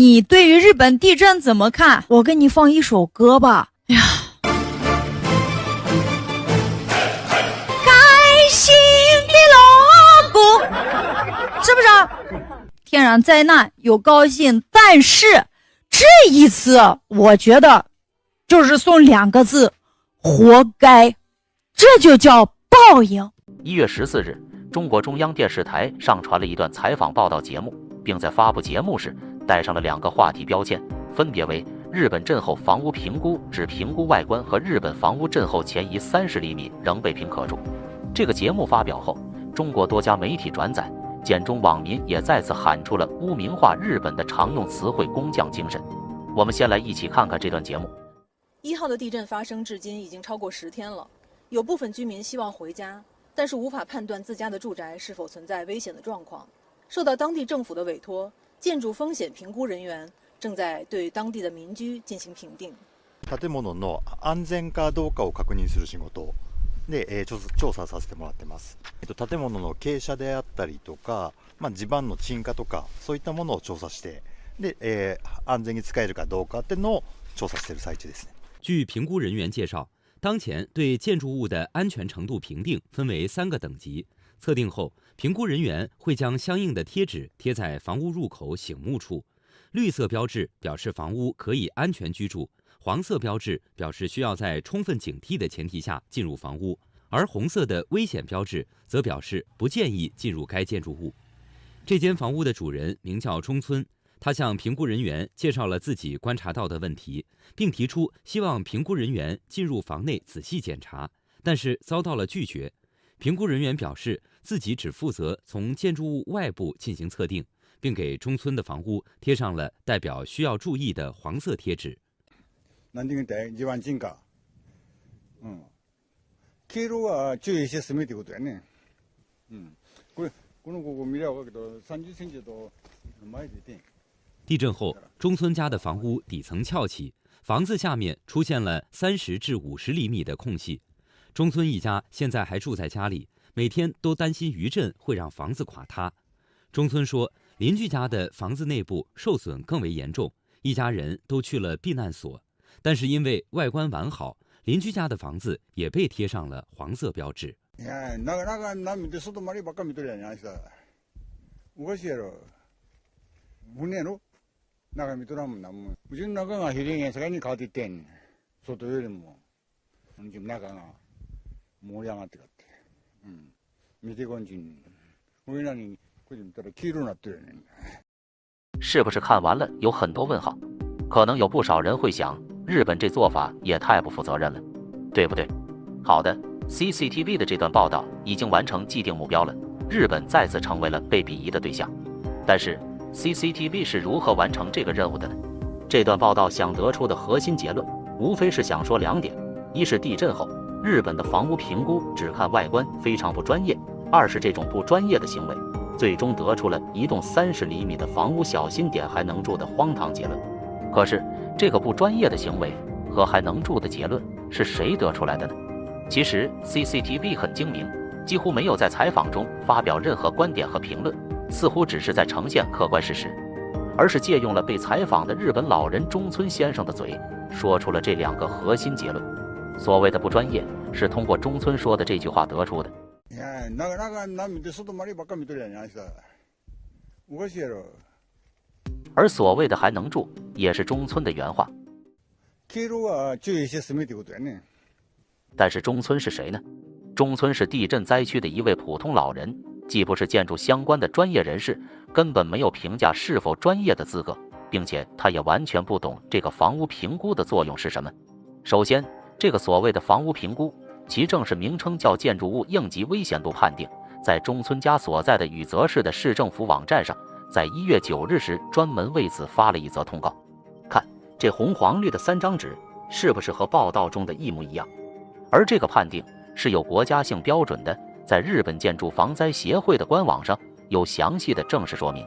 你對於日本地震怎麼看？我給你放一首歌吧。哎呀，開心的鑼鼓，是不是？天然災難有高興，但是這一次我覺得，就是送兩個字，活該。這就叫報應。一月十四日，中國中央電視台上傳了一段採訪報道節目，並在發布節目時，帶上了兩個話題標籤，分別為日本震後房屋評估只評估外觀和日本房屋震後前移三十釐米仍被評可住。這個節目發表後，中國多家媒體轉載，簡中網民也再次喊出了汙名化日本的常用詞彙“工匠精神”。我們先來一起看看這段節目。一號的地震發生至今已經超過十天了，有部分居民希望回家，但是無法判斷自家的住宅是否存在危險的狀況。受到當地政府的委托。建築風險評估人員正在對當地的民居進行評定。建物の安全かどうかを確認する仕事で調査、調査させてもらってます。建物の傾斜であったりとか、まあ地盤の沈下とかそういったものを調査して、で安全に使えるかどうかっていうのを調査している最中ですね。據評估人員介紹，當前對建築物的安全程度評定分為三個等級。測定後，評估人員會將相應的貼紙貼在房屋入口醒目處。綠色標誌表示房屋可以安全居住，黃色標誌表示需要在充分警惕的前提下進入房屋，而紅色的危險標誌則表示不建議進入該建築物。這間房屋的主人名叫中村，他向評估人員介紹了自己觀察到的問題，並提出希望評估人員進入房內仔細檢查，但是遭到了拒絕。評估人員表示，自己只負責從建築物外部進行測定，並給中村的房屋貼上了代表需要注意的黃色貼紙。地震後，中村家的房屋底層翹起，房子下面出現了三十至五十厘米的空隙。中村一家現在還住在家裡，每天都擔心餘震會讓房子垮塌。中村說，鄰居家的房子內部受損更為嚴重，一家人都去了避難所。但是因為外觀完好，鄰居家的房子也被貼上了黃色標誌。哎。沒沒我那個，到那我那個是搞的你就那個啊。嗯、這這是不是看完了有很多問號？可能有不少人會想，日本這做法也太不負責任了，對不對？好的，CCTV 的這段報道已經完成既定目標了，日本再次成為了被鄙夷的對象。但是，CCTV 是如何完成這個任務的呢？這段報道想得出的核心結論，無非是想說兩點：一是地震後。日本的房屋評估只看外觀，非常不專業。二是這種不專業的行為，最終得出了移動三十厘米的房屋小心點還能住的荒唐結論。可是這個不專業的行為和還能住的結論是誰得出來的呢？其實 CCTV 很精明，幾乎沒有在採訪中發表任何觀點和評論，似乎只是在呈現客觀事實，而是借用了被採訪的日本老人中村先生的嘴，說出了這兩個核心結論。所謂的不專業，是通過中村說的這句話得出的。而所謂的還能住，也是中村的原話。但是中村是誰呢？中村是地震災區的一位普通老人，既不是建築相關的專業人士，根本沒有評價是否專業的資格，並且他也完全不懂這個房屋評估的作用是什麼。首先。這個所謂的房屋評估，其正式名稱叫建築物應急危險度判定。在中村家所在的宇澤市的市政府網站上，在一月九日時專門為此發了一則通告。看這紅、黃、綠的三張紙，是不是和報道中的一模一樣？而這個判定是有國家性標準的，在日本建築防災協會的官網上有詳細的正式說明。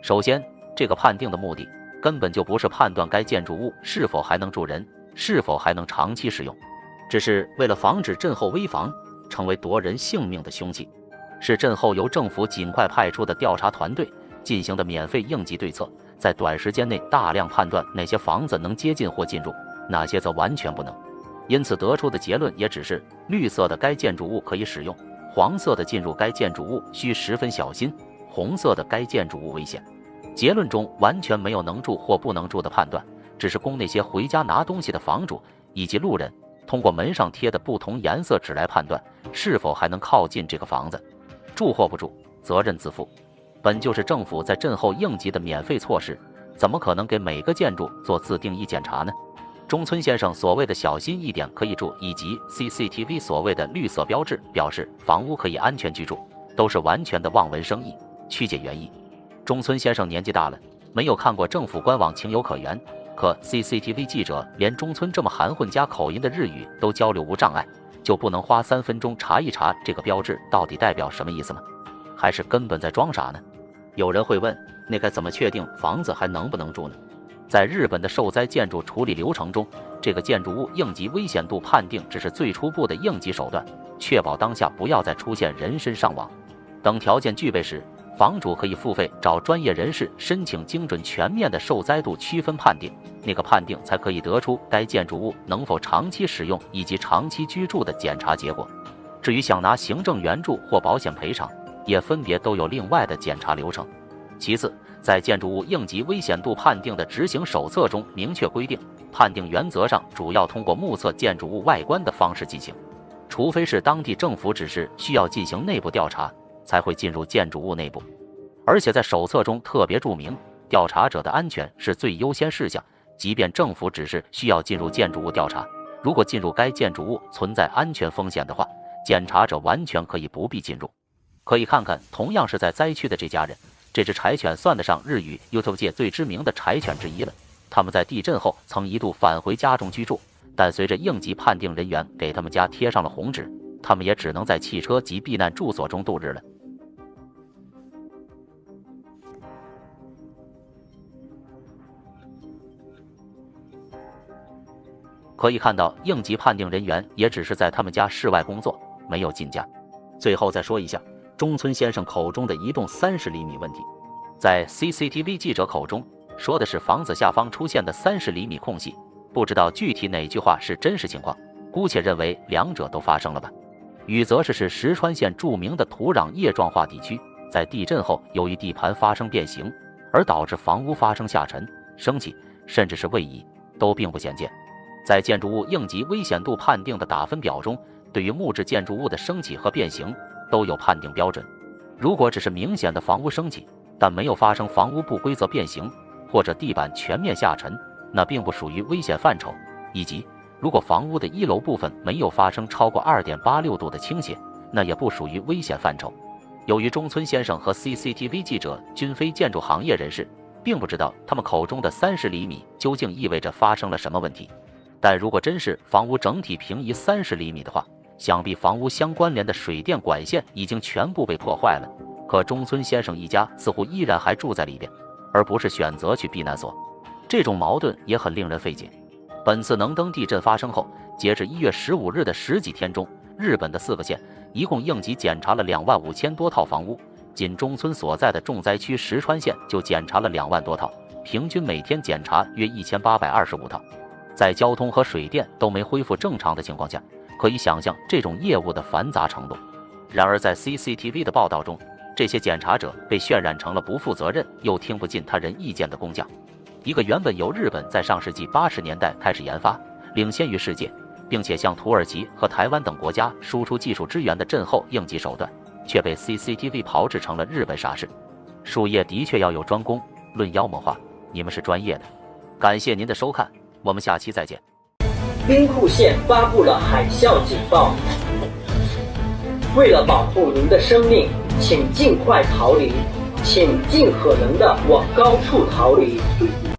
首先，這個判定的目的根本就不是判斷該建築物是否還能住人。是否還能長期使用？只是為了防止震後危房成為奪人性命的凶器，是震後由政府盡快派出的調查團隊進行的免費應急對策，在短時間內大量判斷哪些房子能接近或進入，哪些則完全不能。因此得出的結論也只是：綠色的該建築物可以使用，黃色的進入該建築物需十分小心，紅色的該建築物危險。結論中完全沒有能住或不能住的判斷。只是供那些回家拿東西的房主以及路人通過門上貼的不同顏色紙來判斷是否還能靠近這個房子，住或不住，責任自負。本就是政府在震後應急的免費措施，怎麼可能給每個建築做自定義檢查呢？中村先生所謂的“小心一點可以住”，以及 CCTV 所謂的綠色標誌表示房屋可以安全居住，都是完全的望文生義、曲解原意。中村先生年紀大了，沒有看過政府官網，情有可原。可 CCTV 記者連中村這麼含混加口音的日語都交流無障礙，就不能花三分鐘查一查這個標誌到底代表什麼意思嗎？還是根本在裝傻呢？有人會問，那該怎麼確定房子還能不能住呢？在日本的受災建築處理流程中，這個建築物應急危險度判定只是最初步的應急手段，確保當下不要再出現人身傷亡。等條件具備時，房主可以付費找專業人士申請精準全面的受災度區分判定，那個判定才可以得出該建築物能否長期使用以及長期居住的檢查結果。至於想拿行政援助或保險賠償，也分別都有另外的檢查流程。其次，在建築物應急危險度判定的執行手冊中明確規定，判定原則上主要通過目測建築物外觀的方式進行，除非是當地政府指示需要進行內部調查。才會進入建築物內部，而且在手冊中特別注明，調查者的安全是最優先事項。即便政府只是需要進入建築物調查，如果進入該建築物存在安全風險的話，檢查者完全可以不必進入。可以看看，同樣是在災區的這家人，這隻柴犬算得上日語 YouTube 界最知名的柴犬之一了。他們在地震後曾一度返回家中居住，但隨着應急判定人員給他們家貼上了紅紙，他們也只能在汽車及避難住所中度日了。可以看到，應急判定人員也只是在他們家室外工作，沒有進家。最後再說一下，中村先生口中的移動三十厘米問題，在 CCTV 記者口中說的是房子下方出現的三十厘米空隙，不知道具體哪句話是真實情況，姑且認為兩者都發生了吧。宇則是是石川縣著名的土壤液狀化地區，在地震後由於地盤發生變形，而導致房屋發生下沉、升起，甚至是位移，都並不鮮見。在建築物應急危險度判定的打分表中，對於木質建築物的升起和變形都有判定標準。如果只是明顯的房屋升起，但沒有發生房屋不規則變形或者地板全面下沉，那並不屬於危險範疇。以及，如果房屋的一樓部分沒有發生超過二點八六度的傾斜，那也不屬於危險範疇。由於中村先生和 CCTV 記者均非建築行業人士，並不知道他們口中的三十厘米究竟意味着發生了什麼問題。但如果真是房屋整體平移三十厘米的話，想必房屋相關聯的水電管線已經全部被破壞了。可中村先生一家似乎依然還住在裡邊，而不是選擇去避難所，這種矛盾也很令人費解。本次能登地震發生後，截至一月十五日的十幾天中，日本的四個縣一共應急檢查了兩萬五千多套房屋，僅中村所在的重災區石川縣就檢查了兩萬多套，平均每天檢查約一千八百二十五套。在交通和水電都沒恢復正常的情況下，可以想象這種業務的繁雜程度。然而，在 CCTV 的報道中，這些檢查者被渲染成了不負責任又聽不進他人意見的工匠。一個原本由日本在上世紀八十年代開始研發、領先於世界，並且向土耳其和台灣等國家輸出技術支援的震後應急手段，卻被 CCTV 炮制成了日本傻事。術業的確要有專攻，論妖魔化，你們是專業的。感謝您的收看。我們下期再見。兵庫縣發佈了海嘯警報，為了保護您的生命，請儘快逃離，請儘可能的往高處逃離。